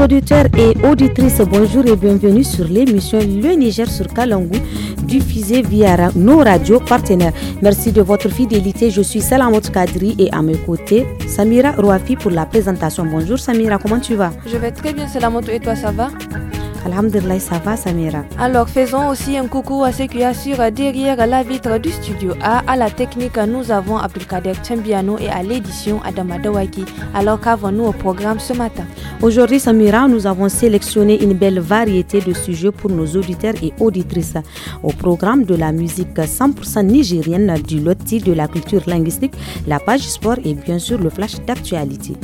auditeurs et auditrices, bonjour et bienvenue sur l'émission Le Niger sur Kalangou, diffusée via nos radios partenaires. Merci de votre fidélité. Je suis Salamot Kadri et à mes côtés, Samira Rouafi pour la présentation. Bonjour Samira, comment tu vas Je vais très bien Salamot et toi ça va Alhamdulillah, ça va, Samira. Alors, faisons aussi un coucou à ceux qui assurent derrière la vitre du studio A. À la technique, nous avons Abdelkader Tchambiano et à l'édition Adama Dawaki. Alors, qu'avons-nous au programme ce matin Aujourd'hui, Samira, nous avons sélectionné une belle variété de sujets pour nos auditeurs et auditrices. Au programme de la musique 100% nigérienne, du loti, de la culture linguistique, la page sport et bien sûr le flash d'actualité.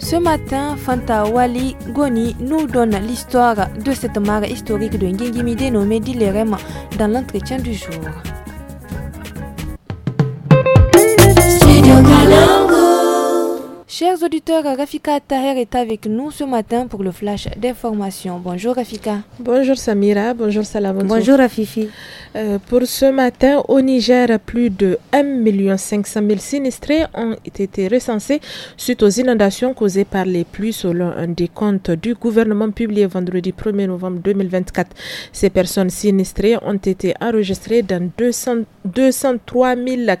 Ce matin, Fanta Wali Goni nous donne l'histoire de cette cette historique de Nguyen nommé Mehdi dans l'entretien du jour. Chers auditeurs, Rafika Taher est avec nous ce matin pour le flash d'information. Bonjour Rafika. Bonjour Samira, bonjour Salam. Bonjour Rafifi. Euh, pour ce matin, au Niger, plus de 1,5 million sinistrés ont été recensés suite aux inondations causées par les pluies selon un décompte du gouvernement publié vendredi 1er novembre 2024. Ces personnes sinistrées ont été enregistrées dans 200, 203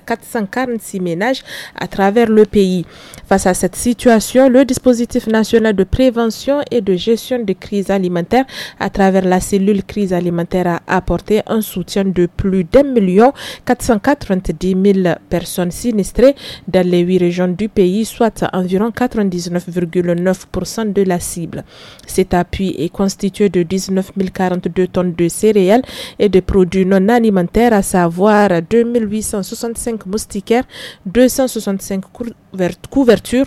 446 ménages à travers le pays. Face à cette situation, le dispositif national de prévention et de gestion des crises alimentaires à travers la cellule crise alimentaire a apporté un soutien de plus d'un million 490 000 personnes sinistrées dans les huit régions du pays, soit environ 99,9% de la cible. Cet appui est constitué de 19 042 tonnes de céréales et de produits non alimentaires, à savoir 865 moustiquaires, 265 couvertures,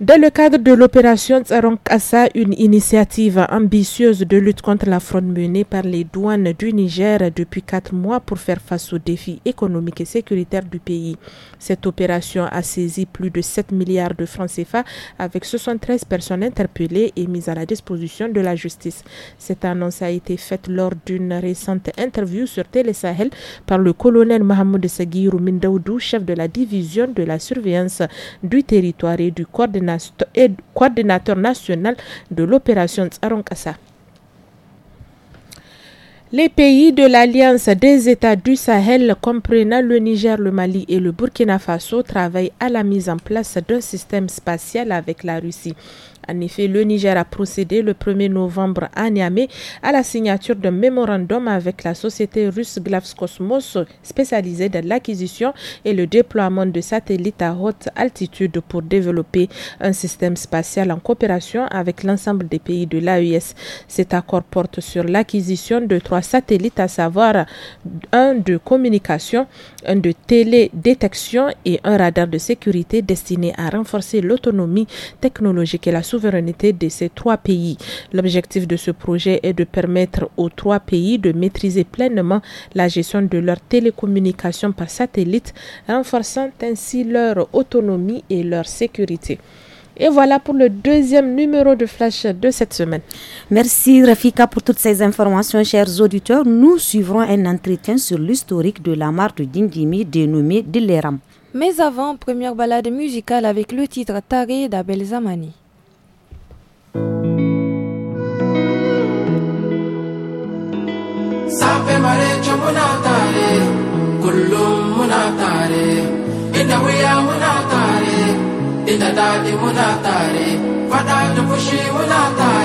Dans le cadre de l'opération Tsaron Kassa, une initiative ambitieuse de lutte contre la fraude menée par les douanes du Niger depuis quatre mois pour faire face aux défis économiques et sécuritaires du pays. Cette opération a saisi plus de 7 milliards de francs CFA avec 73 personnes interpellées et mises à la disposition de la justice. Cette annonce a été faite lors d'une récente interview sur Télé Sahel par le colonel Mohamed Sagirou Mindaoudou, chef de la division de la surveillance du territoire et du coordinateur coordinateur national de l'opération Tsaronkassa. Les pays de l'Alliance des États du Sahel, comprenant le Niger, le Mali et le Burkina Faso, travaillent à la mise en place d'un système spatial avec la Russie. En effet, le Niger a procédé le 1er novembre à Niamey à la signature d'un mémorandum avec la société russe Glavs Cosmos spécialisée dans l'acquisition et le déploiement de satellites à haute altitude pour développer un système spatial en coopération avec l'ensemble des pays de l'AES. Cet accord porte sur l'acquisition de trois satellites, à savoir un de communication, un de télédétection et un radar de sécurité destiné à renforcer l'autonomie technologique et la souveraineté de ces trois pays. L'objectif de ce projet est de permettre aux trois pays de maîtriser pleinement la gestion de leurs télécommunications par satellite, renforçant ainsi leur autonomie et leur sécurité. Et voilà pour le deuxième numéro de Flash de cette semaine. Merci Rafika pour toutes ces informations, chers auditeurs. Nous suivrons un entretien sur l'historique de la marque de Dindimi dénommée Dileram. Mais avant, première balade musicale avec le titre Taré d'Abel Zamani. Safe mare munatare, kullum munatare, inda wuya munatare, inda dadi munatare, fada da munatare.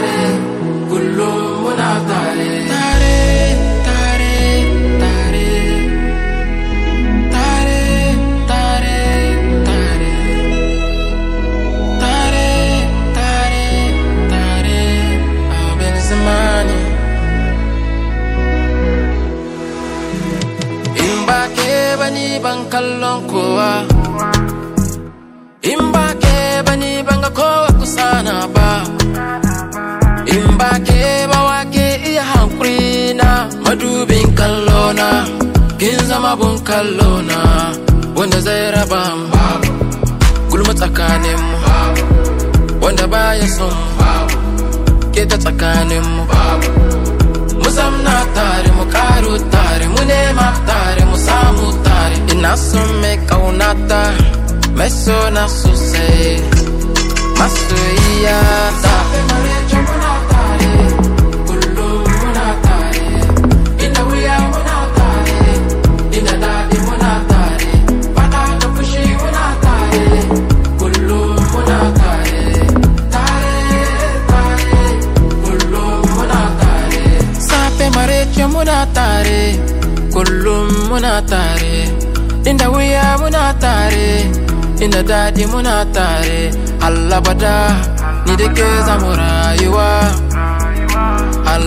ban kallon kowa in ba ke bani ban ga kowa kusa na ba in ba ke ba wa ke iya hankuri na madubin kallona kin zama bun kallona wanda zai raba gulma tsakanin mu wanda baya son ke ta tsakanin mu musamman tare mu karu tare mu nema tare nasomeka unata meso nasusei masu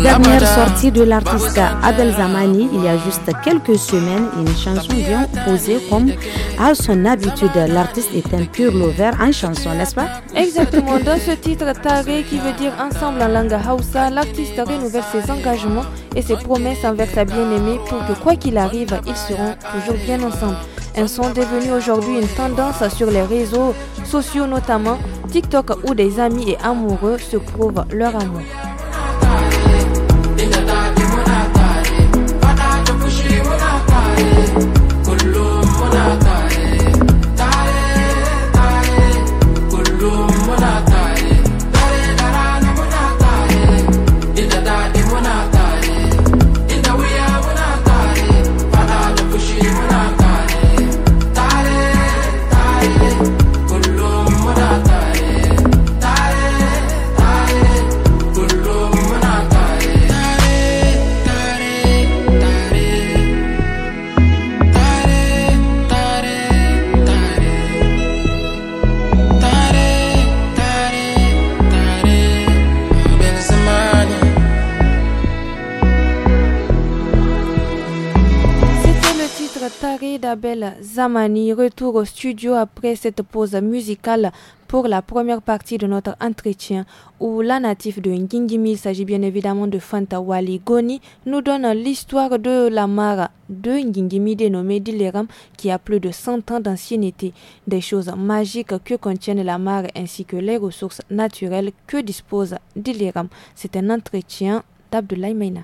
Dernière sortie de l'artiste Abel Zamani il y a juste quelques semaines, une chanson vient posée comme à son habitude. L'artiste est un pur lover en chanson, n'est-ce pas Exactement. Dans ce titre, Tare qui veut dire ensemble en langue Hausa, l'artiste renouvelle ses engagements et ses promesses envers sa bien-aimée pour que quoi qu'il arrive, ils seront toujours bien ensemble. Elles sont devenues aujourd'hui une tendance sur les réseaux sociaux, notamment TikTok, où des amis et amoureux se prouvent leur amour. Taré d'Abel Zamani retour au studio après cette pause musicale pour la première partie de notre entretien où la natif de Ngingimi, il s'agit bien évidemment de Wali Goni, nous donne l'histoire de la mare de Ngingimi dénommée Dileram qui a plus de 100 ans d'ancienneté, des choses magiques que contiennent la mare ainsi que les ressources naturelles que dispose Dileram. C'est un entretien d'Abdoulaye Maina.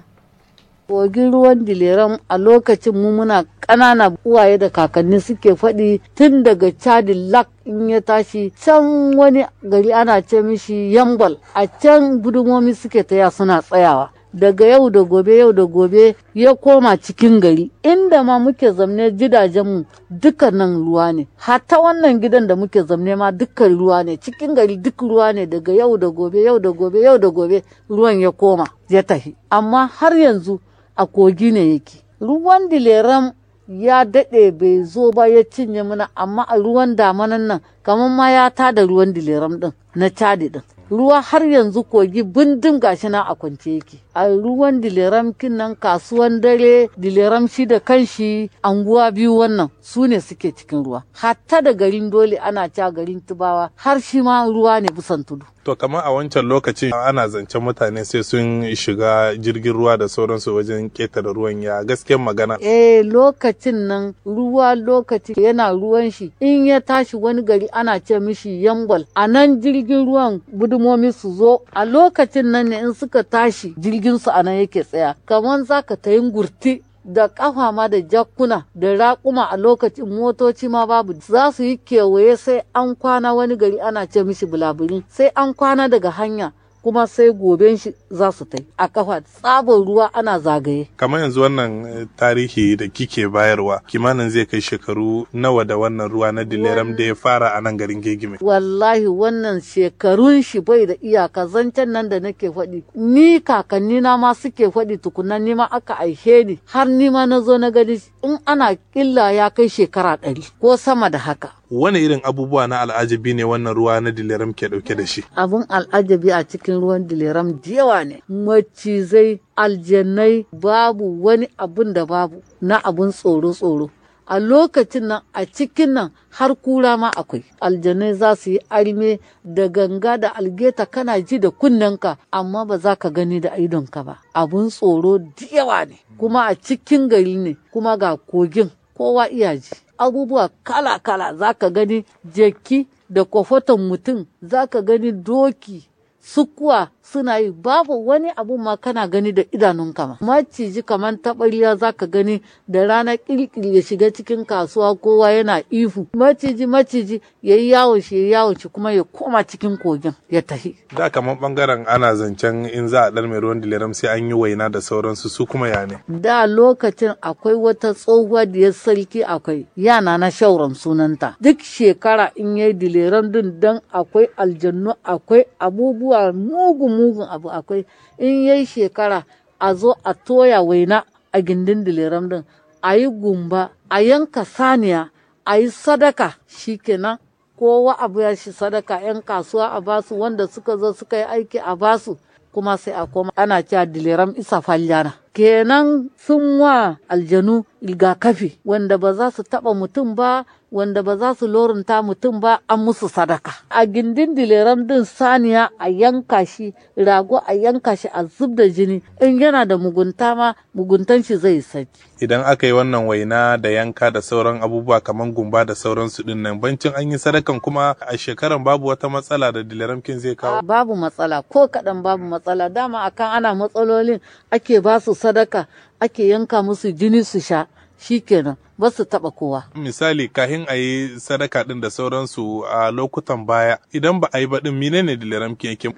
kogin ruwan dileram a lokacin mu muna ƙanana uwaye da kakanni suke faɗi tun daga chadi lak in ya tashi can wani gari ana ce mishi yambal a can gudumomi suke taya suna tsayawa daga yau da gobe yau da gobe ya koma cikin gari inda ma muke zamne gidajenmu duka nan ruwa ne hata wannan gidan da muke zamne ma duka ruwa ne cikin gari duk ruwa ne daga yau da gobe yau da gobe yau da gobe ruwan ya koma ya tafi amma har yanzu a kogi ne yake ruwan dileram ya daɗe bai zo ba ya cinye mana amma a ruwan damanan nan kamar ma ya tada ruwan dileram ɗin na cadi ɗin ruwa har yanzu kogi bindin gashi na a kwance yake a ruwan dileram nan kasuwan dare dileram shi da kanshi anguwa biyu wannan su ne suke cikin ruwa hatta da garin dole ana ca garin tubawa har shi ma ruwa ne busan tudu to kamar a wancan lokacin ana zancen mutane sai sun shiga jirgin ruwa da sauransu wajen ketare ruwan ya gasken magana eh lokacin nan ruwa lokaci yana ruwan shi in ya tashi wani gari ana ce mishi yambal a nan jirgin ruwan budu hidimomi su zo a lokacin nan ne in suka tashi jirgin su a nan yake tsaya kamar za ka ta yin gurti da kafa ma da jakkuna da raƙuma a lokacin motoci ma babu za su yi kewaye sai an kwana wani gari ana ce mishi bulaburi sai an kwana daga hanya kuma sai goben shi za su tai a kafa tsabar ruwa ana zagaye kamar yanzu wannan eh, tarihi da kike bayarwa kimanin zai kai shekaru nawa da wannan ruwa na dileram da ya fara a nan garin gegime wallahi wannan shekarun shi bai da iyaka zancen nan da nake faɗi ni kakanni na ma suke faɗi tukuna ni ma aka aihe ni har ni ma na zo na gani in ana killa ya kai shekara ɗari ko sama da haka wani irin abubuwa na al'ajabi ne wannan ruwa na diliram ke dauke da shi abun al'ajabi a cikin ruwan diliram diyawa ne macizai aljannai babu wani abun da babu na abun tsoro tsoro a lokacin nan a cikin nan har kura ma akwai aljannai za su yi arme da ganga da algeta kana ji da kunnenka amma ba za ka gani da idonka ba abun tsoro da ne kuma a cikin gari ne kuma ga kogin kowa iya ji. abubuwa kala-kala za ka gani jeki da kwafatan mutum za ka gani doki sukuwa suna yi babu wani abu ma kana gani da idanun ma maciji kamar tabariya ka gani da rana kirkiri ya shiga cikin kasuwa kowa yana ihu maciji maciji ya yi yawo shi yawo shi kuma ya koma cikin kogin ya tahi da kamar bangaren ana zancen in za a dar mai ruwan dileram sai an yi waina da sauransu su kuma ya ne da lokacin akwai wata tsohuwa da ya sarki akwai yana na shauran sunanta duk shekara in yi dileram din dan akwai aljannu akwai abubuwa mugun mugun abu akwai in yayi shekara a zo a toya waina a gindin diliram din a yi gumba a yanka saniya a yi sadaka shikenan kowa abu ya shi sadaka 'yan kasuwa a basu wanda suka zo suka yi aiki a basu kuma sai a koma ana cewa diliram isa falyana kenan sun wa aljanu rigakafi wanda ba za su taba mutum ba wanda ba za su lorinta mutum ba an musu sadaka. A gindin dileran din saniya a yanka shi, rago a yanka shi a zub da jini, in yana da mugunta ma muguntan shi zai saki. Idan aka yi wannan waina da yanka da sauran abubuwa kamar gumba da sauran din nan bancin an yi sadakan kuma a shekaran babu wata matsala da dileran kin zai kawo. Babu matsala ko kadan babu matsala dama akan ana matsalolin ake ba su sadaka ake yanka musu jini su sha shikenan. ba su taɓa kowa. Misali kahin a yi sadaka din da sauransu a lokutan baya idan ba a yi ba ɗin mine ne dalilan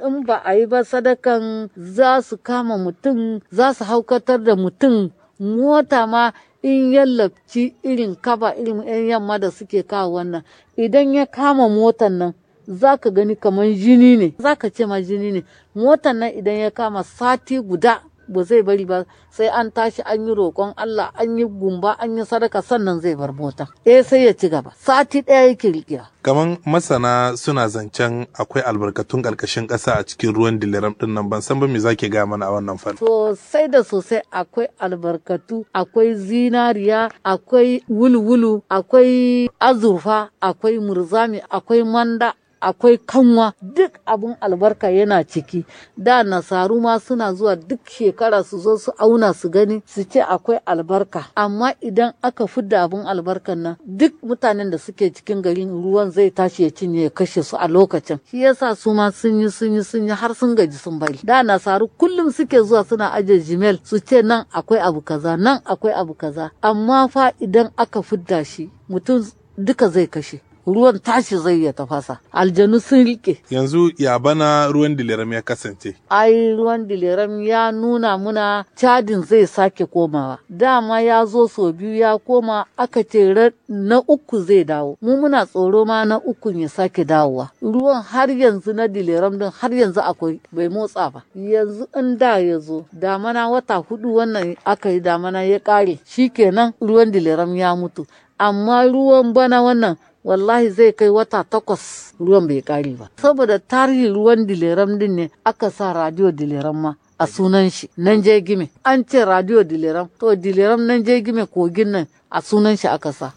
In ba a yi ba sadakan za su kama mutum za su haukatar da mutum mota ma in yallabci irin kaba irin 'yan yamma da suke kawo wannan idan ya kama motan nan za ka gani kamar jini ne za ka ce ma jini ne motan nan idan ya kama sati guda ba zai bari ba sai an tashi an yi roƙon Allah an yi gumba an yi sadaka sannan zai bar mota eh sai ya ci gaba sati ɗaya yake riƙiya kaman masana suna zancen akwai albarkatun ƙarƙashin ƙasa a cikin ruwan dilaram ɗin nan ban san ba me zake ga mana a wannan fannin sosai da sosai akwai albarkatu akwai zinariya akwai wulwulu akwai azurfa akwai murzami akwai manda akwai kanwa duk abun albarka yana ciki da nasaru ma suna zuwa duk shekara su zo su auna su gani su ce akwai albarka amma idan aka fidda abun albarkan nan duk mutanen da suke cikin garin ruwan zai tashi ya cinye ya kashe su a lokacin shi yasa su ma sun yi sun yi sun yi har sun gaji sun bari da nasaru kullum suke zuwa suna aje jimel su ce nan akwai abu kaza nan akwai abu kaza amma fa idan aka fidda shi mutum duka zai kashe ruwan tashi zai ya tafasa aljanu sun rike yanzu ya bana ruwan dileram ya kasance ai ruwan dileram ya nuna muna cadin zai sake komawa dama ya zo so biyu ya koma aka ce na uku zai dawo mu muna tsoro ma na uku ya sake dawowa ruwan har yanzu na dileram din har yanzu akwai bai motsa ba yanzu in da ya zo damana wata hudu wannan aka yi damana ya kare shikenan ruwan dileram ya mutu amma ruwan bana wannan wallahi zai kai wata takwas ruwan bai kare ba saboda tarihi ruwan dileram din ne aka sa radio dileram ma a sunan shi nan je gime an ce radio dileram to dileram nan je gime kogin nan a sunan shi aka sa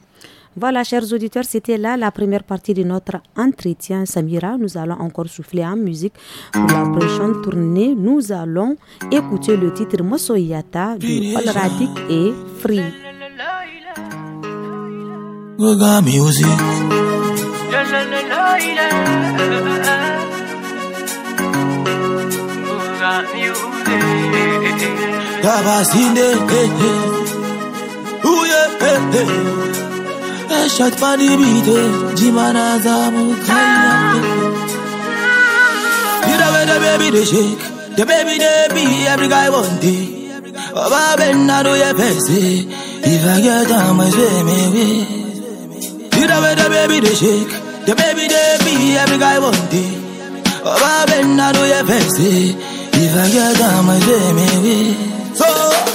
Voilà, chers auditeurs, c'était là la première partie de notre entretien. Samira, nous allons encore souffler en musique. Pour la prochaine tournée, nous allons écouter le titre Mosoyata du Olradik et Free. Gaga music. Gabasinde, eh, eh. Ooh, yeah, eh, eh. Eh, shot for the beat, eh. Jimana Zamu, Kaya, You know where the baby they shake, the baby they be, every guy want it. Oh, I been, I do your best, eh. If I get down, I swim away. You the way the baby they shake, the baby they be every guy want it. Oh, I been I do your best, eh? If I get down, my baby way. So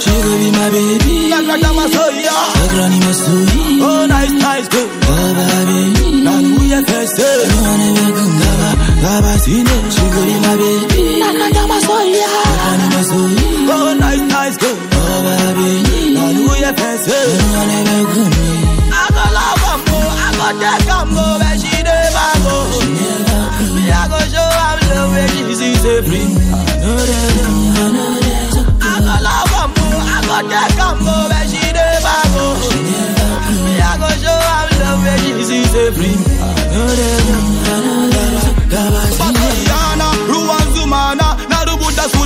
she go be my baby. Like like I'm a soya. Like Ronnie Masui. Oh, nice, nice, good. Oh, baby. Now do your best, eh? You wanna be good, lava, lava, sine. She go be my baby. Like like I'm a soya. Like Ronnie Masui. Oh, nice, nice, good. Oh, baby. Now do your best, eh? You wanna be good, God get come go where she never go. Me I go show am love Jesus is I know that I know that I go love am more. I go get come go where she never go. Me I go show am love Jesus is I know that I know that.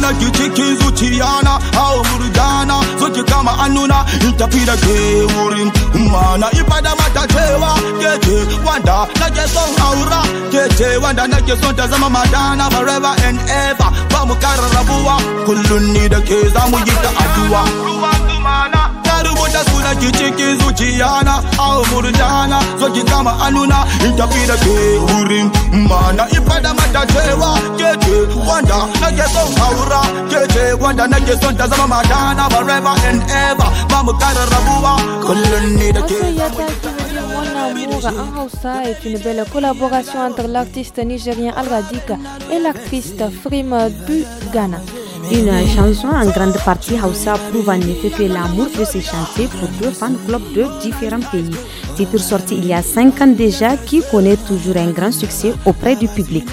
na ki cikin zuciya na hawa murjana so ki kama annuna in tafi da ke wurin mana ifada mata cewa keke wanda nake son aura keke wanda nake son ta zama madana forever and ever ba mu kara rabuwa kullun ni da ke zamu yi ta C'est est une belle collaboration entre l'artiste nigérien Al et l'actrice Frima du Ghana. Une chanson en grande partie Hausa prouve en effet que l'amour peut se chanter pour deux fan clubs de différents pays. Titre sorti il y a cinq ans déjà qui connaît toujours un grand succès auprès du public.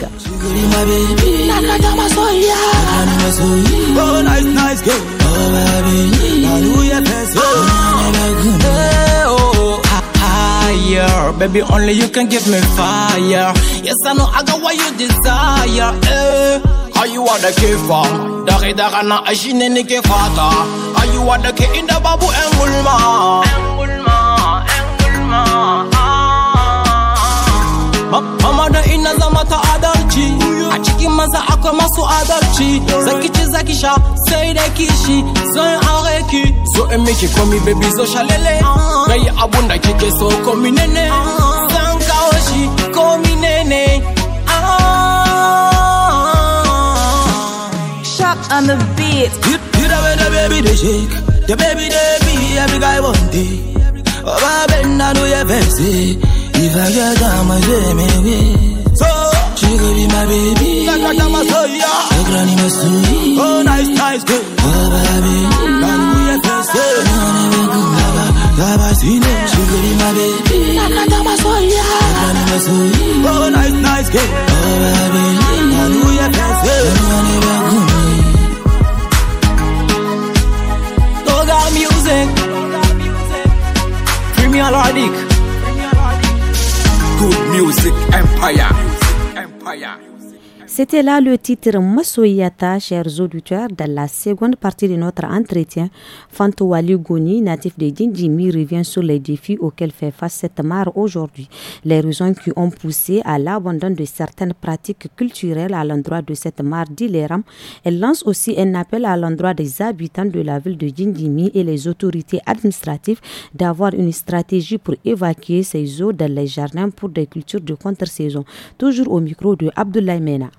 Baby, only you can fire. Yes, you desire. Eh. ayuwa da ke fa na ashi ne nake fata ayuwa da ke inda babu yan gulma ah. Mama da ina zama ta adalci A cikin maza akwai masu adalci Zaki zaki sha sai da kishi Zo aure ki Zo in miki komi baby so shalele Gayi ah. abun da kike so komi nene ah. Zan kawo shi komi nene rock on the beat. You, you the way the baby they shake, the baby they be every guy want it. Over bend and do your fancy. If I get down, my dream away. So she could be my baby. Like I am my soul, yeah. Like Granny must do Oh, nice, nice, good. Oh, baby, Granny know your fancy. She could be my baby. Like I got my soul, yeah. Oh, nice, nice, good. Oh, baby, Granny know your fancy. music. Premier Lordic. Good music empire. Music empire. C'était là le titre Masoyata chers auditeurs, dans la seconde partie de notre entretien. Fanto Waliogoni, natif de Dindimi, revient sur les défis auxquels fait face cette mare aujourd'hui, les raisons qui ont poussé à l'abandon de certaines pratiques culturelles à l'endroit de cette mare d'Ileram. Elle lance aussi un appel à l'endroit des habitants de la ville de Dindimi et les autorités administratives d'avoir une stratégie pour évacuer ces eaux dans les jardins pour des cultures de contre-saison. Toujours au micro de Abdoulaye Mena.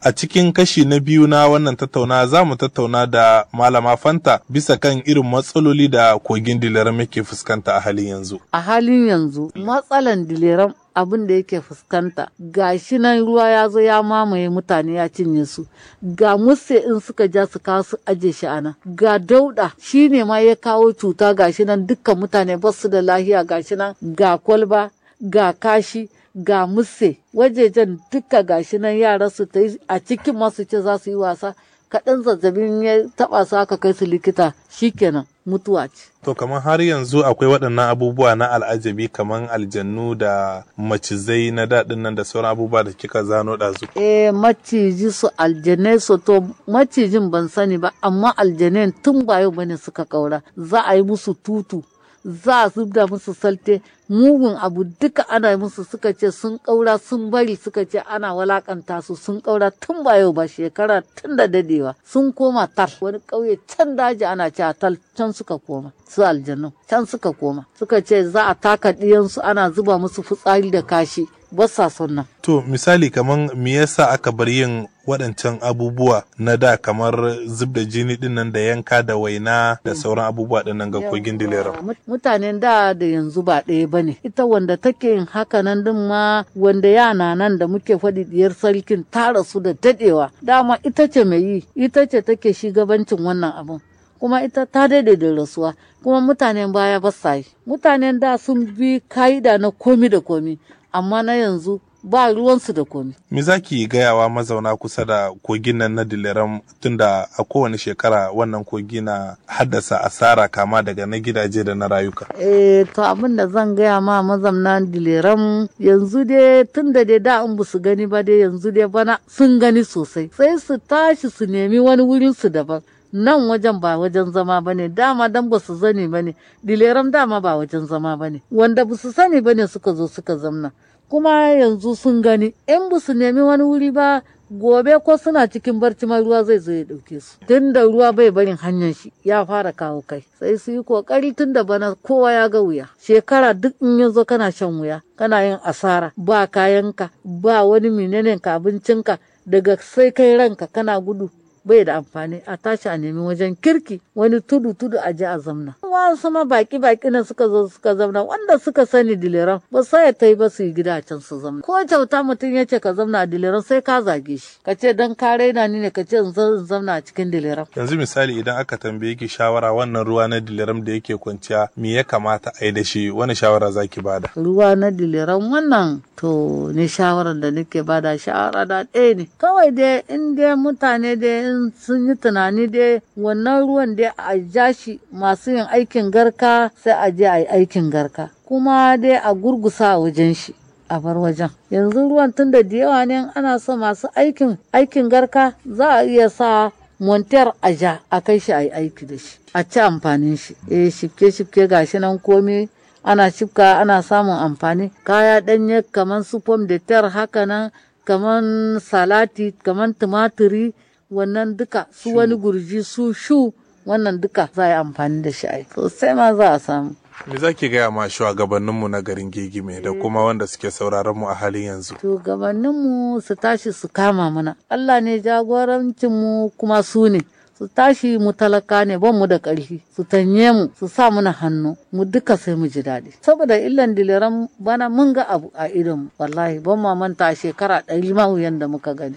A cikin kashi na biyu na wannan tattauna za mu tattauna da Malama Fanta bisa kan irin matsaloli da kogin Dileram muke fuskanta a halin yanzu. A halin yanzu matsalan Dileram abin da yake fuskanta ga shi nan ruwa ya zo ya mamaye mutane ya cinye su ga musse in suka ja su kawo su aje shi ana ga dauda shi ne ma ya kawo cuta ga shi nan dukkan mutane ba su da lahiya ga shi nan ga kwalba ga kashi ga muse wajejen duka gashi nan yara su ta yi a cikin masu ce za su yi wasa kaɗan zazzabin ya taɓa su aka kai su likita shikenan mutuwa ce. To kamar har yanzu akwai waɗannan abubuwa na al'ajabi kamar aljannu da macizai na daɗin nan da sauran abubuwa da kika zano ɗazu. e maciji su aljane su to macijin ban sani ba amma aljanai tun ba bayo bane suka kaura za a yi musu tutu za a zubda musu salte mugun abu duka ana musu suka ce sun ƙaura sun bari suka ce ana walakanta su sun ƙaura tun ba yau ba shekara tun da dadewa sun koma tal wani ƙauye can daji ana ce a tal can suka koma su aljanu can suka koma suka ce za a taka ɗiyansu ana zuba musu fitsari da kashi wasa sannan To misali kamar me yasa aka bar yin waɗancan abubuwa na da kamar zub da jini dinnan da yanka da waina da mm. sauran abubuwa din nan ga kogin dilera. Mutanen da da yanzu ba ɗaya ba ne. Ita wanda take yin haka nan din ma wanda yana nan da muke faɗi diyar sarkin tara su da daɗewa. Dama ita ce mai yi, ita ce take shugabancin wannan abun kuma ita ta daidai da rasuwa kuma mutanen baya ba sa yi mutanen da sun bi ka'ida na komi da komi amma na yanzu ba ruwansu da komi. Me za ki gayawa mazauna kusa da kogin nan na Dileram tunda a kowane shekara wannan kogi na haddasa asara kama daga na gidaje da na rayuka? Eh to abin da zan gaya ma mazauna Dileram yanzu dai tunda dai da in su gani ba dai yanzu dai bana sun gani sosai sai su tashi su nemi wani wurin su daban. nan wajen ba wajen zama ba ne. dama dan ba su zani ba ne. Dileran dama ba wajen zama ba ne. wanda ba su sani ba ne suka zo suka zamna kuma yanzu sun gani in ba su nemi wani wuri ba gobe ko suna cikin barci ma ruwa zai zo ya dauke su tun ruwa bai barin hanyar shi ya fara kawo kai sai su yi kokari tun da bana kowa ya ga wuya shekara duk in ya zo kana shan wuya kana yin asara ba kayanka ba wani menene ka abincinka daga sai kai ranka kana gudu bai da amfani a tashi a nemi wajen kirki wani tudu tudu a ji a zamna wasu ma baki baki na suka zo suka zamna wanda suka sani dileran ba sai ya ta yi ba su yi gida a can su zamna ko kyauta mutum ya ce ka zamna a dileran sai ka zage shi ka ce dan ka raina ni ne ka ce in zamna a cikin dileran yanzu misali idan aka tambaye ki shawara wannan ruwa na dileran da yake kwanciya me ya kamata a yi da shi wani shawara za ki bada ruwa na dileran wannan to ni shawarar da nake bada shawara da ɗaya ne kawai dai in dai mutane dai ganin sun yi tunani dai wannan ruwan dai a ja shi masu yin aikin garka sai a je a yi aikin garka kuma dai a gurgusa wajen shi a bar wajen yanzu ruwan tun da yawa ne ana so masu aikin aikin garka za a iya sa montar a ja a kai shi a yi aiki da shi a ci amfanin shi eh shifke shifke gashi nan komi ana shifka ana samun amfani kaya ɗanye kamar su fom de tar haka nan kamar salati kamar tumatiri wannan duka su wani gurji su shu wannan duka za a yi amfani da shi ai sosai ma za a samu me za ki gaya ma shugabanninmu na garin gegime da kuma wanda suke sauraron mu a halin yanzu shugabanninmu su tashi su kama mana allah ne jagorancinmu kuma su ne su tashi mu talaka ne ban mu da ƙarfi su tanye mu su sa mana hannu mu duka sai mu ji daɗi saboda illan diliran bana mun ga abu a idonmu. wallahi ban ma manta shekara ɗari ma wuyan da muka gani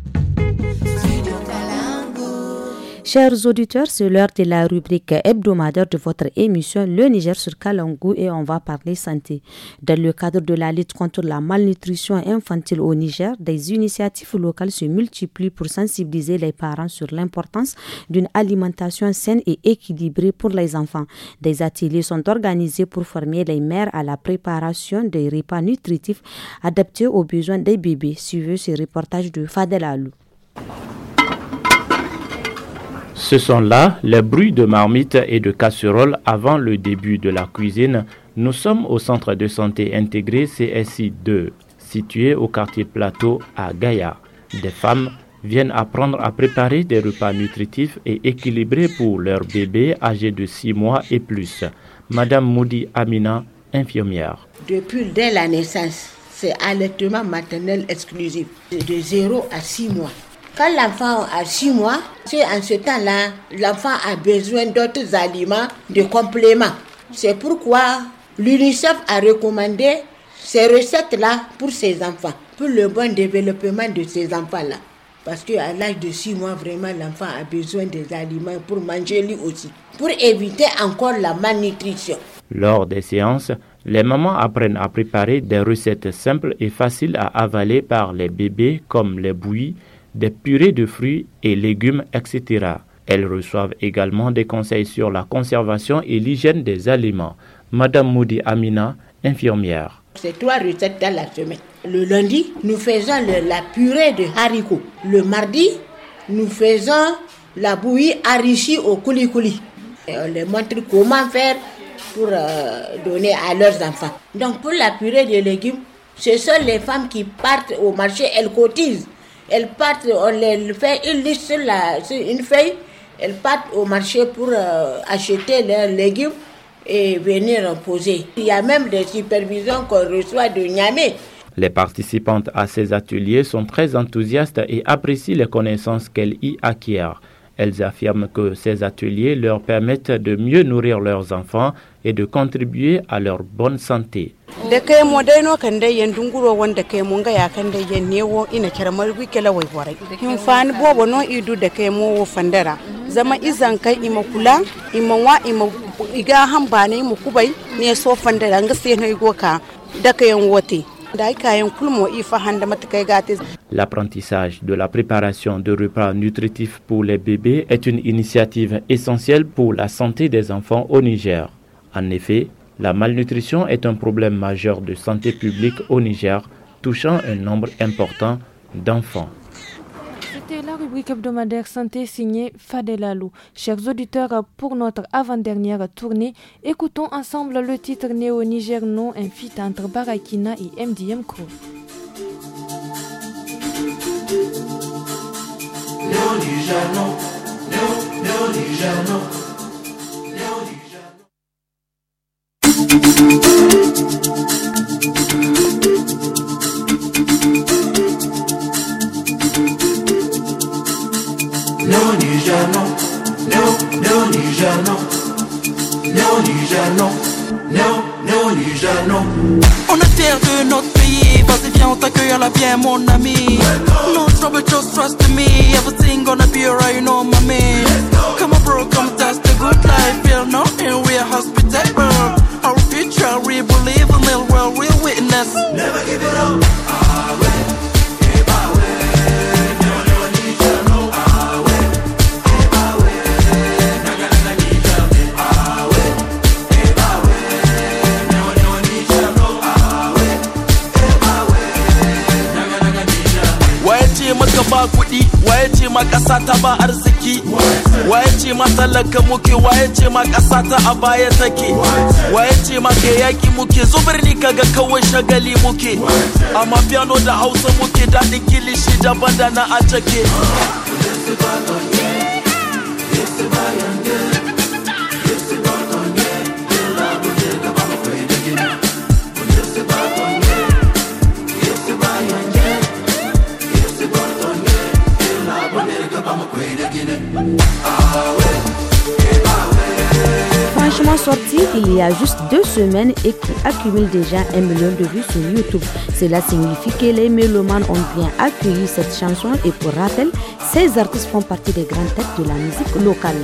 Chers auditeurs, c'est l'heure de la rubrique hebdomadaire de votre émission Le Niger sur Kalangou et on va parler santé. Dans le cadre de la lutte contre la malnutrition infantile au Niger, des initiatives locales se multiplient pour sensibiliser les parents sur l'importance d'une alimentation saine et équilibrée pour les enfants. Des ateliers sont organisés pour former les mères à la préparation des repas nutritifs adaptés aux besoins des bébés. Suivez ce reportage de Fadel Alou. Ce sont là les bruits de marmites et de casseroles avant le début de la cuisine. Nous sommes au centre de santé intégré CSI 2, situé au quartier Plateau à Gaïa. Des femmes viennent apprendre à préparer des repas nutritifs et équilibrés pour leurs bébés âgés de 6 mois et plus. Madame Moudi Amina, infirmière. Depuis dès la naissance, c'est allaitement maternel exclusif, de 0 à 6 mois. Quand l'enfant a 6 mois, c'est en ce temps-là, l'enfant a besoin d'autres aliments, de compléments. C'est pourquoi l'UNICEF a recommandé ces recettes-là pour ses enfants, pour le bon développement de ses enfants-là. Parce qu'à l'âge de 6 mois, vraiment, l'enfant a besoin des aliments pour manger lui aussi, pour éviter encore la malnutrition. Lors des séances, les mamans apprennent à préparer des recettes simples et faciles à avaler par les bébés comme les bouillies, des purées de fruits et légumes, etc. Elles reçoivent également des conseils sur la conservation et l'hygiène des aliments. Madame Moudi Amina, infirmière. C'est trois recettes dans la semaine. Le lundi, nous faisons la purée de haricots. Le mardi, nous faisons la bouillie enrichie au coulis-coulis. On les montre comment faire pour euh, donner à leurs enfants. Donc pour la purée de légumes, ce sont les femmes qui partent au marché, elles cotisent. Elles partent, on les fait une liste une feuille. Elles partent au marché pour euh, acheter leurs légumes et venir en poser. Il y a même des supervisions qu'on reçoit de Niamey. Les participantes à ces ateliers sont très enthousiastes et apprécient les connaissances qu'elles y acquièrent. Elles affirment que ces ateliers leur permettent de mieux nourrir leurs enfants et de contribuer à leur bonne santé. L'apprentissage de la préparation de repas nutritifs pour les bébés est une initiative essentielle pour la santé des enfants au Niger. En effet, la malnutrition est un problème majeur de santé publique au Niger, touchant un nombre important d'enfants. C'est la rubrique hebdomadaire santé signée Fadelalou. Chers auditeurs, pour notre avant-dernière tournée, écoutons ensemble le titre néo-niger non un feat entre Barakina et MDM Crew. Néo, non. Non, Non, On a fiers de notre pays. Vas-y, viens, on t'accueille la bien, mon ami. No trouble, just trust me. Everything gonna be alright, you know, my man. Come on, bro, come test the good life. Feel nothing, we're hospitable. Our future, we believe in it, well, we witness. Never give it up. ma ƙasa ta ba arziki waye ce ma talaka muke waye ce ma ƙasa ta a baya take waye ce ma ke yaki muke zubirni kaga kawai shagali muke amma piano da hausa muke daɗin kilishi daban da na a cake sorti il y a juste deux semaines et qui accumule déjà un million de vues sur YouTube. Cela signifie que les mélomanes ont bien accueilli cette chanson et pour rappel, ces artistes font partie des grandes têtes de la musique locale.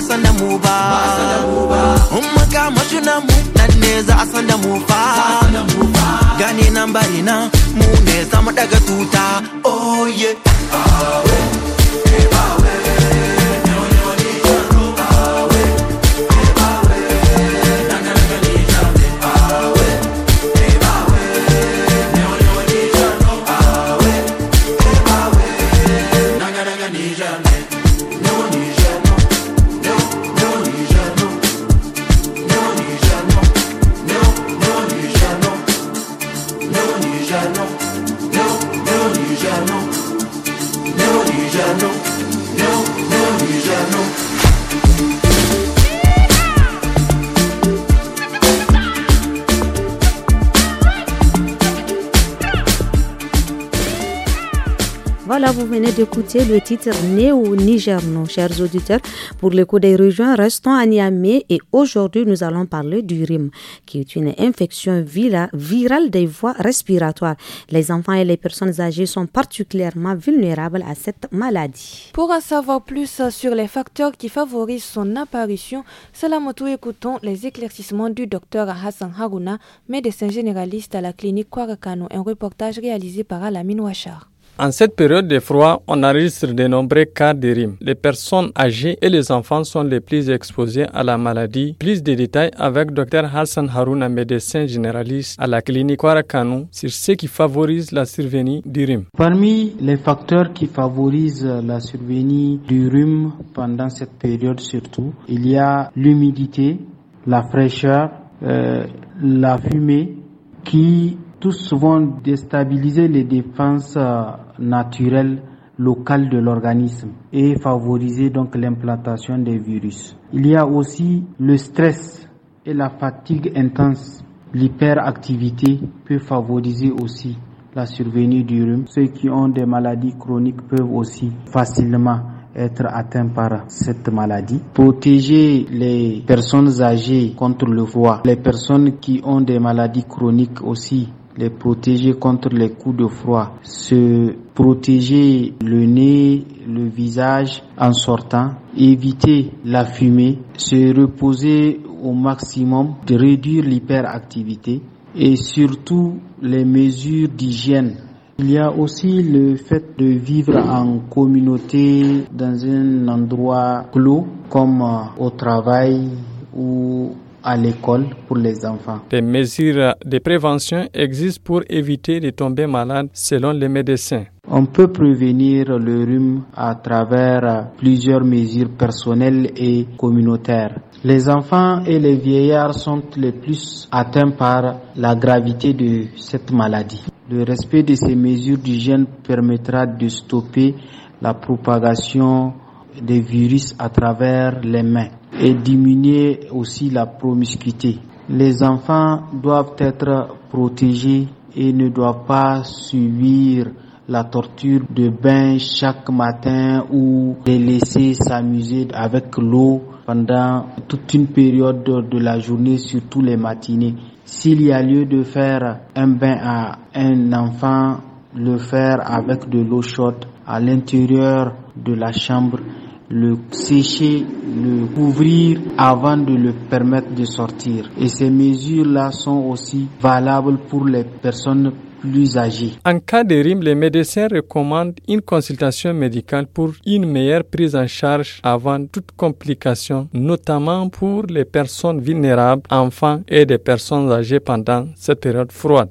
a san da mu ba in muka mashinan mu nan ne za a san da mu fa gane nan bari na mu ne za daga tuta oh yeah ah, eh. d'écouter le titre néo-nigerno. Niger, chers auditeurs. Pour le coup des régions, restons à Niamey et aujourd'hui, nous allons parler du rhume, qui est une infection virale des voies respiratoires. Les enfants et les personnes âgées sont particulièrement vulnérables à cette maladie. Pour en savoir plus sur les facteurs qui favorisent son apparition, Salamoto écoutons les éclaircissements du docteur Hassan Haruna, médecin généraliste à la clinique Kwarakano, un reportage réalisé par Alamine Ouachar. En cette période de froid, on enregistre de nombreux cas de rhume. Les personnes âgées et les enfants sont les plus exposés à la maladie. Plus de détails avec Dr Hassan Harouna, médecin généraliste à la clinique Warakanou, sur ce qui favorise la survenue du rhume. Parmi les facteurs qui favorisent la survenue du rhume pendant cette période surtout, il y a l'humidité, la fraîcheur, euh, la fumée qui tous vont déstabiliser les défenses euh, naturel local de l'organisme et favoriser donc l'implantation des virus. Il y a aussi le stress et la fatigue intense. L'hyperactivité peut favoriser aussi la survenue du rhume. Ceux qui ont des maladies chroniques peuvent aussi facilement être atteints par cette maladie. Protéger les personnes âgées contre le voie. Les personnes qui ont des maladies chroniques aussi de protéger contre les coups de froid, se protéger le nez, le visage en sortant, éviter la fumée, se reposer au maximum, de réduire l'hyperactivité et surtout les mesures d'hygiène il y a aussi le fait de vivre en communauté dans un endroit clos comme euh, au travail ou à l'école pour les enfants. Des mesures de prévention existent pour éviter de tomber malade selon les médecins. On peut prévenir le rhume à travers plusieurs mesures personnelles et communautaires. Les enfants et les vieillards sont les plus atteints par la gravité de cette maladie. Le respect de ces mesures d'hygiène permettra de stopper la propagation des virus à travers les mains et diminuer aussi la promiscuité. Les enfants doivent être protégés et ne doivent pas subir la torture de bain chaque matin ou les laisser s'amuser avec l'eau pendant toute une période de la journée, surtout les matinées. S'il y a lieu de faire un bain à un enfant, le faire avec de l'eau chaude à l'intérieur de la chambre le sécher, le couvrir avant de le permettre de sortir. Et ces mesures-là sont aussi valables pour les personnes plus âgées. En cas de rime, les médecins recommandent une consultation médicale pour une meilleure prise en charge avant toute complication, notamment pour les personnes vulnérables, enfants et des personnes âgées pendant cette période froide.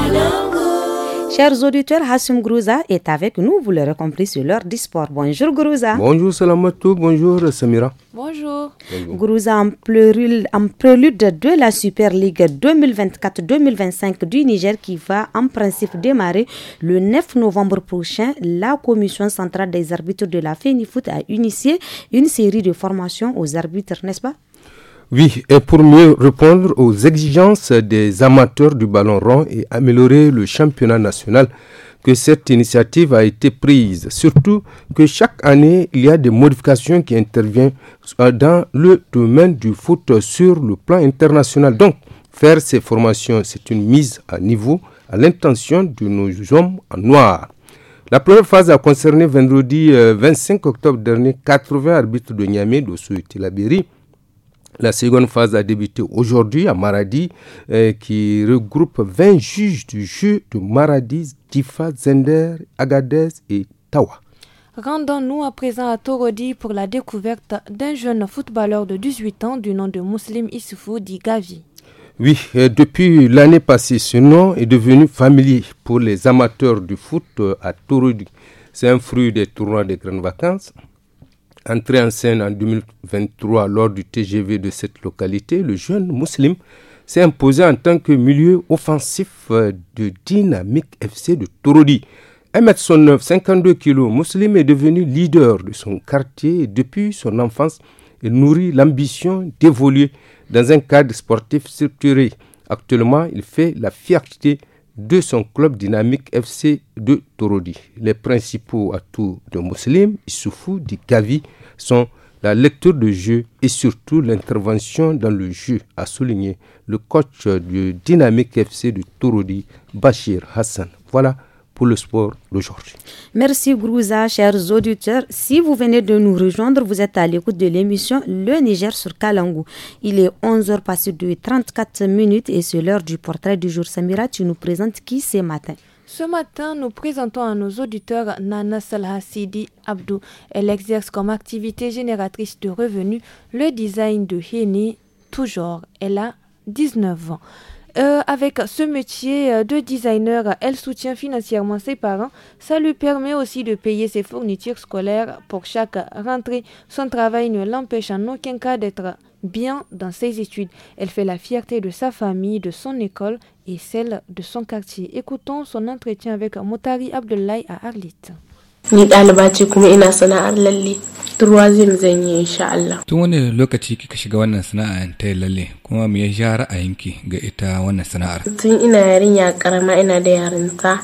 Chers auditeurs, Hassim Grouza est avec nous, vous l'aurez compris, sur l'heure du sport. Bonjour Grouza. Bonjour Salamatou, bonjour Samira. Bonjour. Grouza, en prélude, en prélude de la Super League 2024-2025 du Niger qui va en principe démarrer le 9 novembre prochain, la Commission centrale des arbitres de la Fénifoot a initié une série de formations aux arbitres, n'est-ce pas oui, et pour mieux répondre aux exigences des amateurs du ballon rond et améliorer le championnat national, que cette initiative a été prise. Surtout que chaque année, il y a des modifications qui interviennent euh, dans le domaine du foot sur le plan international. Donc, faire ces formations, c'est une mise à niveau à l'intention de nos hommes en noir. La première phase a concerné vendredi 25 euh, octobre dernier 80 arbitres de Niamey, de Souiti la seconde phase a débuté aujourd'hui à Maradi, euh, qui regroupe 20 juges du jeu de Maradi, Difa, Zender, Agadez et Tawa. Rendons-nous à présent à Torodi pour la découverte d'un jeune footballeur de 18 ans du nom de Muslim Issoufou Di Gavi. Oui, euh, depuis l'année passée, ce nom est devenu familier pour les amateurs du foot euh, à Torodi. C'est un fruit des tournois des grandes vacances entré en scène en 2023 lors du TGV de cette localité, le jeune musulman s'est imposé en tant que milieu offensif euh, de Dynamique FC de Torodi. 1 m 52 kg, Muslim est devenu leader de son quartier depuis son enfance, il nourrit l'ambition d'évoluer dans un cadre sportif structuré. Actuellement, il fait la fierté de son club dynamique FC de Torodi. Les principaux atouts de Muslim, Issoufou, Dikavi sont la lecture de jeu et surtout l'intervention dans le jeu, a souligné le coach du Dynamique FC de Torodi, Bachir Hassan. Voilà le sport d'aujourd'hui. Merci Grouza, chers auditeurs. Si vous venez de nous rejoindre, vous êtes à l'écoute de l'émission Le Niger sur Kalangou. Il est 11h passé de 34 minutes et c'est l'heure du portrait du jour. Samira, tu nous présentes qui ce matin ce matin, nous présentons à nos auditeurs Nana Salhasidi Sidi Abdou. Elle exerce comme activité génératrice de revenus le design de Heni toujours. Elle a 19 ans. Euh, avec ce métier euh, de designer, elle soutient financièrement ses parents. Ça lui permet aussi de payer ses fournitures scolaires pour chaque rentrée. Son travail ne l'empêche en aucun cas d'être bien dans ses études. Elle fait la fierté de sa famille, de son école et celle de son quartier. Écoutons son entretien avec Motari Abdoulaye à Arlit. Ni ɗaliba ce kuma ina sana'ar lalle. ruwa zan yi insha Allah. Tun wani lokaci kika shiga wannan sana'a ta lalle kuma me ya sha ra'ayinki ga ita wannan sana'ar? Tun ina yarinya karama ina da yarinta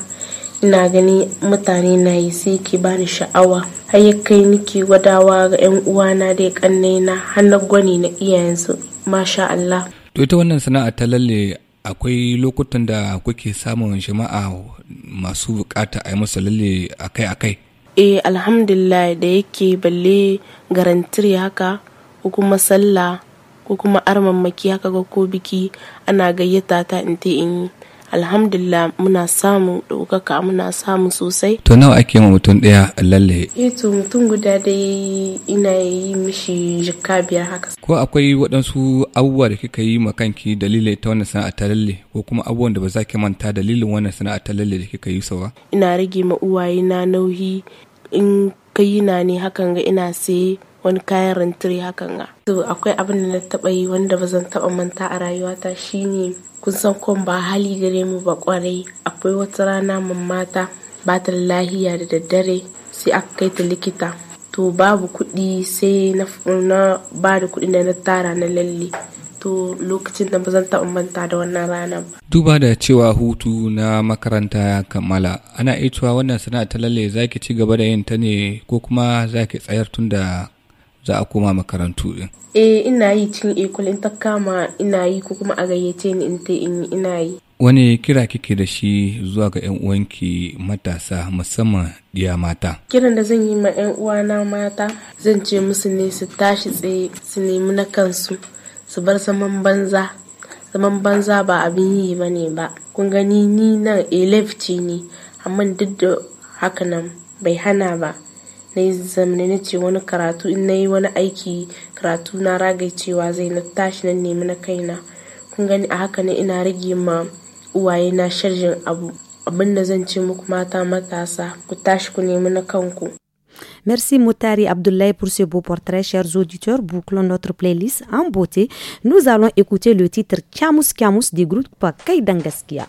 ina gani mutane na yi sai ke bani sha'awa har ya kai niki gwadawa ga 'yan uwana da ya har na gwani na iyayensu masha Allah. To ita wannan sana'a ta lalle akwai lokutan da kuke samun jama'a masu bukata a yi musu lalle akai-akai. eh alhamdulillah da yake balle garantiri haka ko kuma sallah ko kuma armammaki haka ga ko biki ana gayyata ta in te in yi alhamdulillah muna samun ɗaukaka muna samu sosai to nawa ake ma mutum ɗaya lalle eh to mutum guda dai ina yi mishi jikka biyar haka ko akwai waɗansu abubuwa da kika yi ma kanki dalilin ta wannan sana'a ta lalle ko kuma abubuwan da ba za ki manta dalilin wannan sana'a ta lalle da kika yi sawa ina rage ma uwaye na nauyi in ka yi na ne hakan ga ina sai wani kayan rantiri hakan ga to akwai abin da na taba yi wanda ba zan taba manta a rayuwata shine kun san kon ba hali gare mu ba kwarai akwai wata rana mamata ba ta lahiya da daddare sai aka kai ta likita to babu kuɗi sai na ba da kuɗin da na tara na lalle to lokacin da ba zan taɓa manta da wannan ranar ba. Duba da cewa hutu na makaranta ya kammala, ana iya cewa wannan sana'a ta lalle za ki ci gaba da yin ta ne ko kuma za ki tsayar tun da za a koma makarantu ɗin. Eh ina yi cikin ikul eh, in ta kama ina yi ko kuma a gayyace ni in ta in ina yi. Wani kira kike da shi zuwa ga 'yan uwanki matasa musamman diya mata? Kiran da zan yi ma 'yan uwana mata zan ce musu ne su tashi tsaye su nemi na kansu. su bar zaman banza zaman banza ba abin yi ba ne ba kun gani ni nan a eh, ne amma duk da haka nan bai hana ba na yi zamani na ce wani karatu in na yi wani aiki karatu na raga cewa zai na tashi na nemi na kaina kun gani a haka ne ina rage ma uwaye na sharjin abu abin da zan ce muku mata matasa ku tashi ku nemi na kanku Merci Moutari Abdoulaye pour ce beau portrait. Chers auditeurs, bouclons notre playlist en beauté. Nous allons écouter le titre Kiamus Kamus du groupe Kaidangaskia.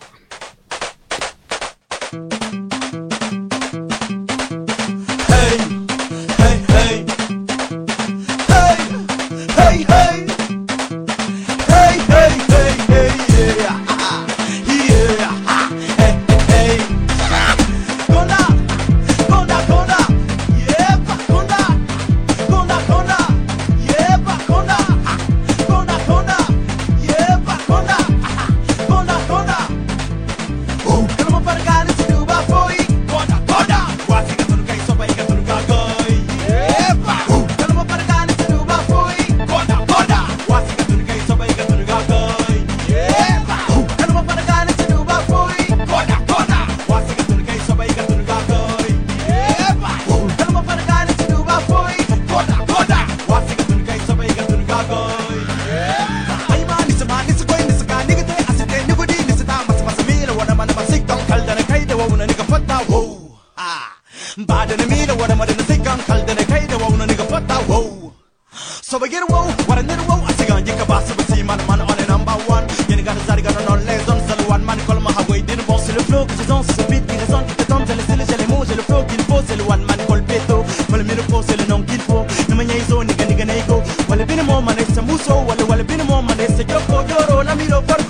sikkam kaldane kaide wa una nigga fatta wo badane meena wada madana sikkam kaldane kaide wa una nigga fatta wo so we get wo wada nir wo asigan jika basu basi man man on number one yen gana sari gana non les on sal one man kol ma hawe din bon c'est le flow que j'en speed qui raison qui tombe j'ai le style j'ai les mots le flow qu'il faut c'est le one man kol beto mal mire faut c'est le nom qu'il faut ne me nyai zo nigga nigga nego wala bin mo man c'est muso wala wala bin mo man c'est joko joro na miro por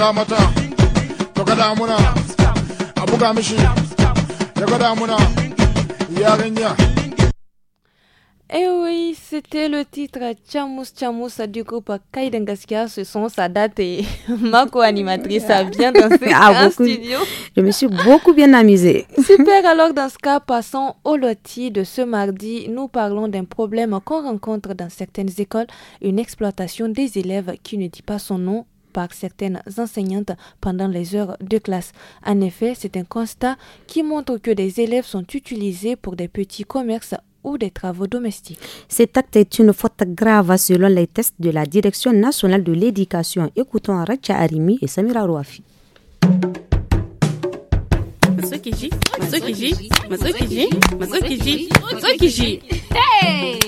Et eh oui, c'était le titre Chamous Chamous du groupe Kaidengaskia. Ce sont sa date et ma co-animatrice a bien dansé à ah, studio. Je me suis beaucoup bien amusée. Super, alors dans ce cas, passons au loti de ce mardi. Nous parlons d'un problème qu'on rencontre dans certaines écoles, une exploitation des élèves qui ne dit pas son nom par certaines enseignantes pendant les heures de classe. En effet, c'est un constat qui montre que des élèves sont utilisés pour des petits commerces ou des travaux domestiques. Cet acte est une faute grave selon les tests de la Direction nationale de l'éducation. Écoutons Racha Arimi et Samira Rouafi. Hey!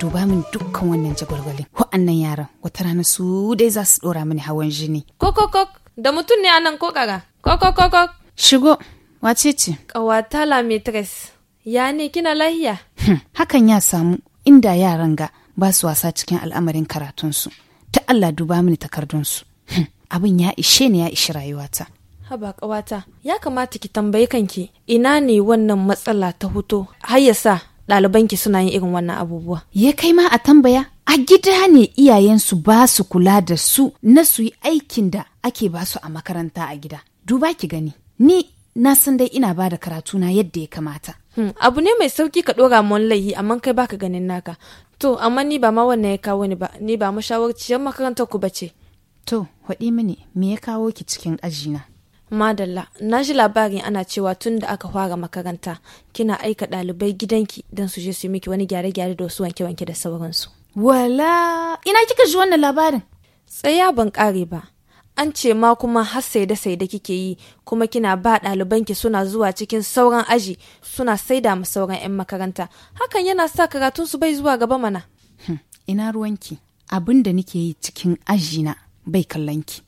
duba min dukkan wannan jagwalgwalin wa'annan yaran wata rana su dai za su dora mini hawan jini kokokok da mutum ne anan kokara kokokok shigo wace ce kawata la mistress ya ne kina lahiya hmm, hakan ya samu inda yaran ga ba su wasa cikin al'amarin karatunsu ta Allah duba mini takardunsu hmm, abin ya ishe ni ya ishi rayuwata haba kawata ya kamata ki tambayi kanki ina ne wannan matsala ta huto har ya sa ɗaliban ki suna yin irin wannan abubuwa. Ya kai ma a tambaya, a gida ne iyayensu ba su kula da su na su yi aikin da ake ba su a makaranta a gida. Duba ki gani, ni na san dai ina ba da karatuna yadda ya kamata. Hmm, abu ne mai sauki ka ɗora mun laihi amma kai baka ganin naka. To, amma ni ba ma wannan ya kawo ni ba, ni ba mashawarciyar makarantar ku ba ce. To, haɗi mini, me ya kawo ki cikin ajina? Madalla, na ji labarin ana cewa tun da aka fara makaranta kina aika ɗalibai gidanki don su je su yi miki wani gyare-gyare da wasu wanke-wanke da sauransu. Wala, ina kika ji wannan labarin? Tsaya ban kare ba. An ce ma kuma har saida saida kike yi kuma kina ba ɗalibanki suna zuwa cikin sauran aji suna saida ma sauran 'yan makaranta. Hakan yana sa karatun su bai zuwa gaba mana. Hmm, ina ruwanki, abin da nike yi cikin aji na bai kallonki.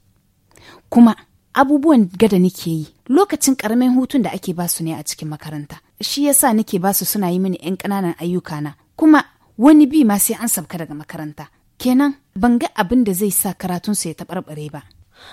Kuma abubuwan gada nake yi lokacin karamin hutun da ake basu ne a cikin makaranta shi yasa nake basu suna yi mini yan ƙananan ayyuka na kuma wani bi ma sai an sabka daga makaranta kenan ban ga abin da zai sa karatun su ya taɓarɓare ba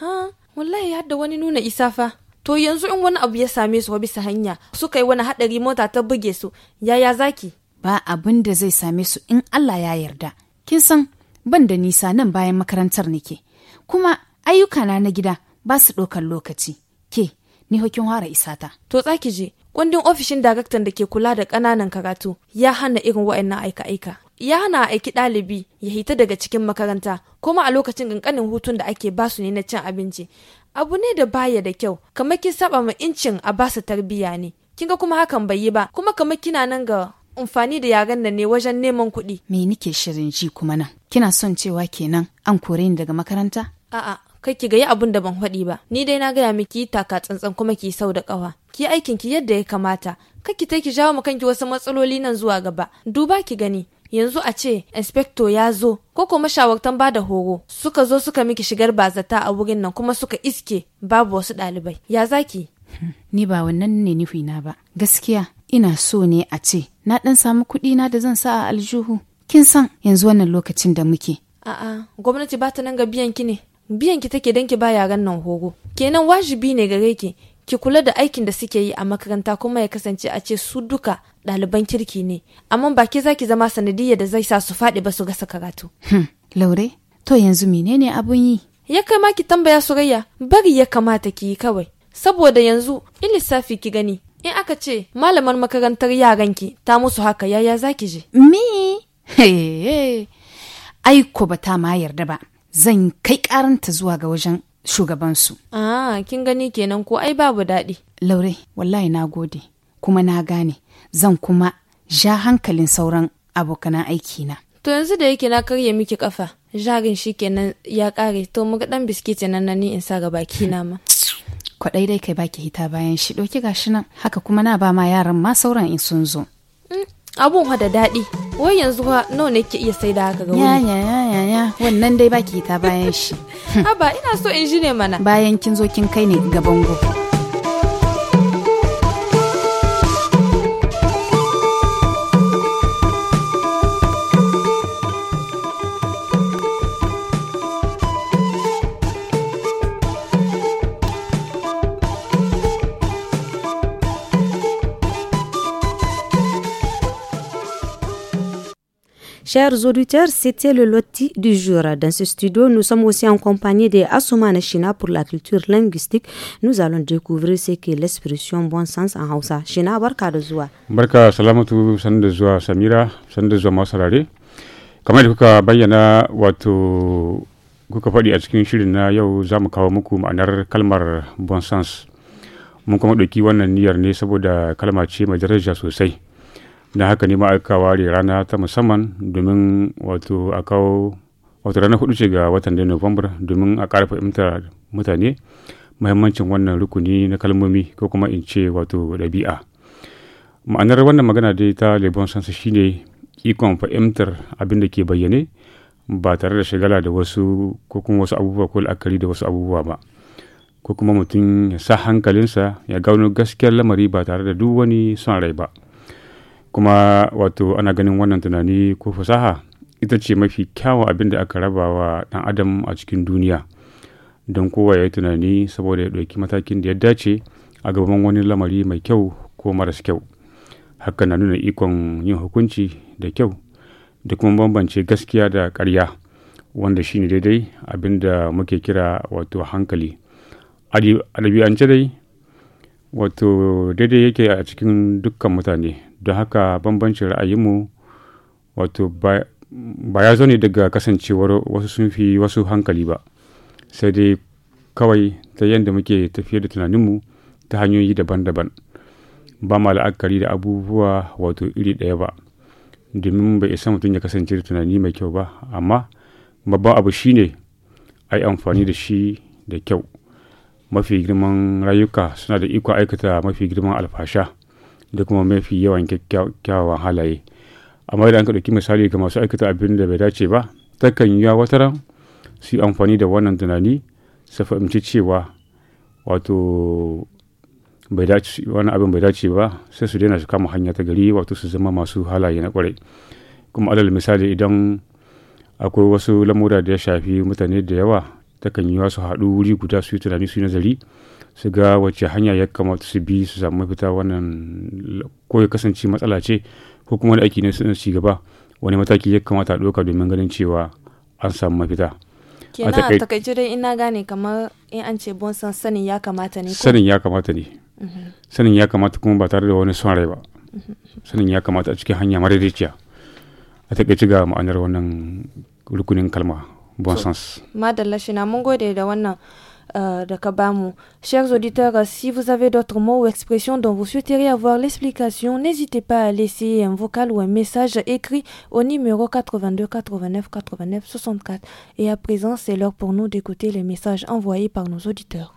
ha wallahi hadda wani nuna isa fa to yanzu in wani abu ya same su bisa hanya suka yi wani haɗari mota ta buge su yaya zaki ba abin da zai same su in Allah ya yarda kin san ban da nisa nan bayan makarantar nake kuma ayyukana na gida ba su ɗaukar lokaci ke ni hokin hara isata to tsaki je kundin ofishin daraktan da ke kula da ƙananan karatu ya hana irin wa'annan aika-aika ya hana aiki ɗalibi ya hita daga cikin makaranta kuma a lokacin ƙanƙanin hutun da ake ba su ne na cin abinci abu ne da baya da kyau kamar kin saba ma incin a ba su tarbiyya ne kinga kuma hakan bai yi ba kuma kamar kina nan ga amfani da yaren nan ne wajen neman kuɗi me nike shirin ji kuma nan kina son cewa kenan an kore ni daga makaranta a'a kai ki ga yi abun da ban haɗi ba ni dai na gaya miki taka tsantsan kuma ki sau da ƙawa ki aikin ki yadda ya kamata kai ki ta ki jawo ma kanki wasu matsaloli nan zuwa gaba duba ki gani yanzu a ce inspecto ya zo ko kuma shawartan ba da horo suka zo suka miki shigar bazata a wurin nan kuma suka iske babu wasu ɗalibai ya zaki ni ba wannan ne nufina ba gaskiya ina so ne a ce na ɗan samu kuɗi na da zan sa a aljihu kin san yanzu wannan lokacin da muke a'a gwamnati ba ta nan ga biyan ki ne biyan ki take dan ki ba yaran nan horo kenan wajibi ne gare ki ki kula da aikin da suke yi a makaranta kuma ya kasance a ce su duka ɗaliban kirki ne amma ba za zaki zama sanadiya da zai sa su faɗi ba su gasa karatu. Hmm. laure to yanzu menene abun yi. ya kai ma ki tambaya surayya bari ya kamata ki yi kawai saboda yanzu in lissafi ki gani in aka ce malamar makarantar yaran ki ta musu haka yaya zaki je. mi ai ko ba ta ma yarda ba zan kai karanta zuwa ga wajen shugabansu. Ah, kin gani kenan ko ai babu daɗi. Laure, wallahi na gode, kuma na gane, zan kuma ja hankalin sauran abokanan aikina. To yanzu da yake na karya miki kafa, jarin shi kenan ya ƙare to mu ɗan biskiti nan na ni in sa ga baki na ma. Kwaɗai dai kai baki hita bayan shi ɗauki gashi nan, haka kuma na ba ma yaran ma sauran in sun zo. Mm, abun da daɗi wai yanzu ha nawa ne ke iya sai da haka ga wani ya ya ya wannan dai baki ta bayan shi haba ina so in ji ne mana bayan kin zo kin kai ne ga bango Chers auditeurs, c'était le loti du jour. Dans ce studio, nous sommes aussi en compagnie des Asumana Shina pour la culture linguistique. Nous allons découvrir ce qu'est l'expression bon sens en Hausa. Shina, barka da zuwa. Barka, salamatu, san da zuwa Samira, san da zuwa masarare. Kamar da kuka bayyana wato kuka faɗi a cikin shirin na yau za mu kawo muku ma'anar kalmar bon sens. Mun kuma ɗauki wannan niyyar ne saboda kalma ce mai sosai. da haka ne ma'aika ware rana ta musamman domin wato a kawo wato ranar hudu ce ga watan da november domin a kara fahimtar mutane mahimmancin wannan rukuni na kalmomi ko kuma in ce wato ɗabi'a ma'anar wannan magana dai ta lebon sansa shine ikon fahimtar abin da ke bayyane ba tare da shigala da wasu ko kuma wasu abubuwa ko la'akari da wasu abubuwa ba ko kuma mutum ya sa hankalinsa ya gano gaskiyar lamari ba tare da duk wani son rai ba kuma wato ana ganin wannan tunani ko fasaha ita ce mafi kyawun abin da aka raba wa ɗan adam a cikin duniya don kowa ya yi tunani saboda ya ɗauki matakin da ya dace a gaban wani lamari mai kyau ko maras kyau haka na nuna ikon yin hukunci da kyau da kuma bambance gaskiya da karya wanda shi ne daidai abin da muke kira wato hankali a dai wato daidai yake a cikin dukkan mutane don haka bambancin ra'ayinmu wato ba ya zo ne daga kasancewar wasu sun fi wasu hankali ba sai dai kawai ta yadda muke tafiyar da tunaninmu ta hanyoyi daban-daban ba ma la'akari da abubuwa wato iri ɗaya ba domin bai isa mutum ya kasance da tunani mai kyau ba amma babban abu shine a yi amfani da shi da kyau mafi girman rayuka suna da iko aikata mafi girman alfasha da kuma mafi yawan kyakkyawan halaye amma idan ka ɗauki misali ga masu aikata abin da bai dace ba takan yi wata ran su yi amfani da wannan tunani su fahimci cewa wato wani abin bai dace ba sai su daina su kama hanya ta gari wato su zama masu halaye na kwarai kuma alal misali idan akwai wasu lamura da ya shafi mutane da yawa takan yi wasu haɗu wuri guda su yi tunani su yi nazari su ga wacce hanya ya kamata su bi su samu mafita wannan ko ya kasance matsala ce ko kuma da aiki ne su ci gaba wani mataki ya kamata a ɗauka domin ganin cewa an samu mafita kenan a takaice dai ina gane kamar in an ce bon san sanin ya kamata ne sanin ya kamata ne mhm. sanin ya kamata kuma ba tare da wani son rai ba mhm. sanin ya kamata a cikin hanya mara rijiya a takaice ga ma'anar wannan rukunin kalma bon sens madalla shi na mun gode da wannan Euh, bah, chers auditeurs, euh, si vous avez d'autres mots ou expressions dont vous souhaiteriez avoir l'explication, n'hésitez pas à laisser un vocal ou un message écrit au numéro 82 89 89 64. Et à présent, c'est l'heure pour nous d'écouter les messages envoyés par nos auditeurs.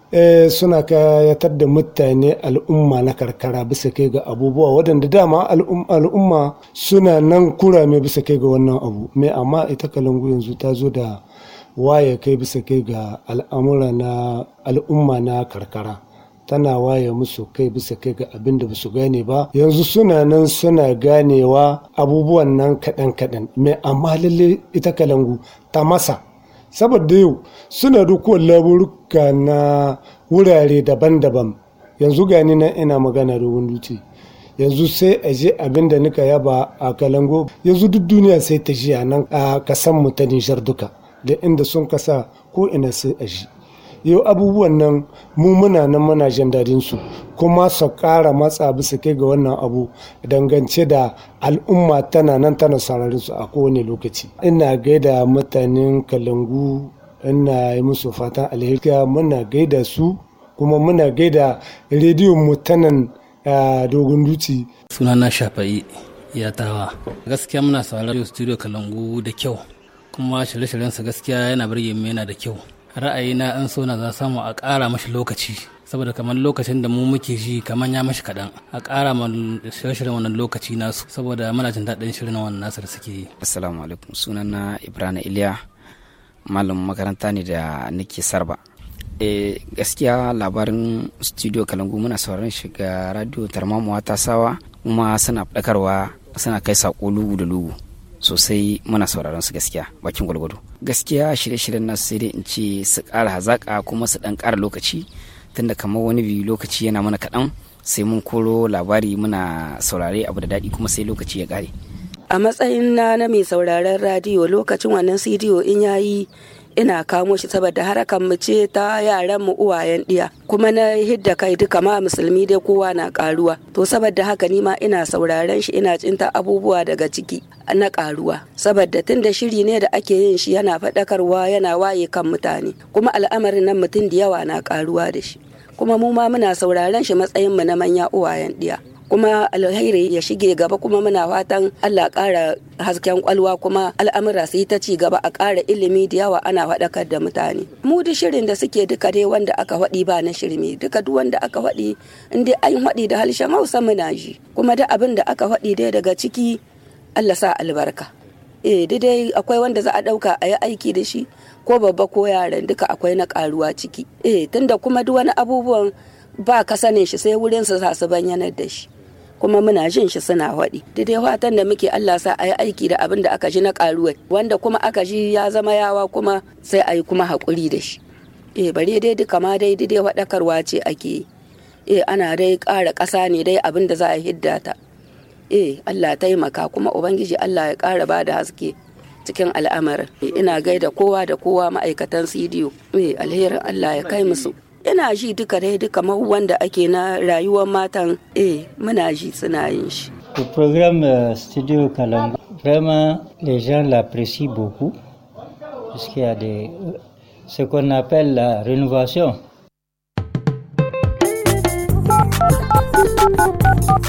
eh, suna kayatar da mutane al'umma na karkara bisa kai ga abubuwa waɗanda dama al'umma suna nan kura kurame bisa kai ga wannan abu mai amma ita kalangu yanzu ta zo da waya kai bisa kai ga al'amura na al'umma na karkara tana waye musu kai bisa kai ga abin da basu gane ba yanzu suna nan suna ganewa abubuwan nan kaɗan kaɗan mai amma lalle ita kalangu ta masa saboda yau suna rukuwar laburuka na wurare daban-daban yanzu gani nan ina magana da wani yanzu sai a je abin da nika yaba a kalango yanzu duk duniya sai ta ji a nan a kasan mu ta nijar duka da inda sun kasa ko ina sai a ji yau abubuwan nan mu muna nan muna jin dadin su kuma su kara matsa bisa kai ga wannan abu dangance da al'umma tana nan tana sararin su a kowane lokaci ina gaida mutanen kalangu ina yi musu fatan alheri muna gaida su kuma muna gaida rediyon mu a dogon duci sunana shafa'i ya tawa gaskiya muna sauraron studio kalangu da kyau kuma shirye-shiryensa shiryen gaskiya yana birge mu yana da kyau ra'ayina an so na za samu a ƙara mashi lokaci saboda kamar lokacin da mu muke shi kamar ya mashi kaɗan a ƙara ma shirin wannan lokaci nasu saboda muna jin daɗin shirin wannan nasu da suke yi assalamu alaikum sunan na ibrahim iliya malam makaranta ne da nake sarba e gaskiya labarin studio kalangu muna sauraron shiga radio tarmamuwa ta sawa kuma suna ɗakarwa suna kai saƙo lugu da lugu sosai muna sauraron su gaskiya bakin gwalgwado gaskiya shirye-shiryen na sai dai in ce su ƙara hazaƙa kuma su ɗan ƙara lokaci tunda kamar wani biyu lokaci yana mana kaɗan sai mun koro labari muna saurare abu da daɗi kuma sai lokaci ya ƙare a matsayin na na mai sauraren radiyo lokacin wannan cdo in yayi ina kamo shi saboda harakan mu ce ta yaran mu uwayen diya kuma na hidda kai duka ma musulmi dai kowa na karuwa to saboda haka ni ma ina sauraren shi ina cinta abubuwa daga ciki na karuwa saboda tun da shiri ne da ake yin shi yana faɗakarwa yana waye kan mutane kuma al'amarin nan mutum da yawa na karuwa da shi kuma mu ma muna sauraren shi matsayin mu na manya uwayen diya kuma alheri ya shige gaba kuma muna fatan Allah kara hasken kwalwa kuma al'amura su yi ta ci gaba a kara ilimi da yawa ana faɗakar da mutane mu duk shirin da suke duka dai wanda aka faɗi ba na shirme duka duk wanda aka faɗi in an faɗi da harshen Hausa muna ji kuma da abin da aka faɗi dai daga ciki Allah sa albarka eh dai akwai wanda za a ɗauka a yi aiki da shi ko babba ko yaran duka akwai na karuwa ciki eh tunda kuma duk wani abubuwan ba ka sanin shi sai wurin su sa su banyanar da shi kuma muna jin shi suna haɗi dai fatan da muke Allah sa ayi aiki da abin da aka ji na karuwa wanda kuma aka ji ya zama yawa kuma sai a yi kuma hakuri da shi eh bare dai duka ma dai dai wadakarwa ce ake eh ana dai ƙara ƙasa ne dai abin da za a hidda ta eh Allah taimaka kuma ubangiji Allah ya ƙara bada haske cikin al'amarin eh, ina gaida kowa da kowa ma'aikatan sidiyo eh alherin Allah ya kai musu le programme euh, studio kalangu vraiment les gens l'apprécient beaucoup puisqu'il y a euh, ce qu'on appelle la rénovation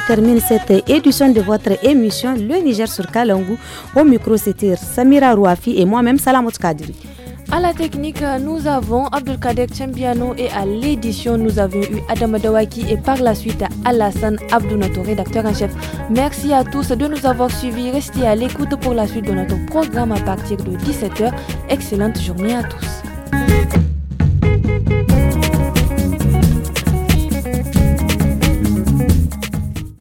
termine cette édition de votre émission Le Niger sur Kalangu. Au micro, c'était Samira Rouafi et moi-même Salamot Kadri. À la technique, nous avons Abdelkader Tchembiano et à l'édition, nous avons eu Adam Dawaki et par la suite Alassane Abdou, rédacteur en chef. Merci à tous de nous avoir suivis. Restez à l'écoute pour la suite de notre programme à partir de 17h. Excellente journée à tous.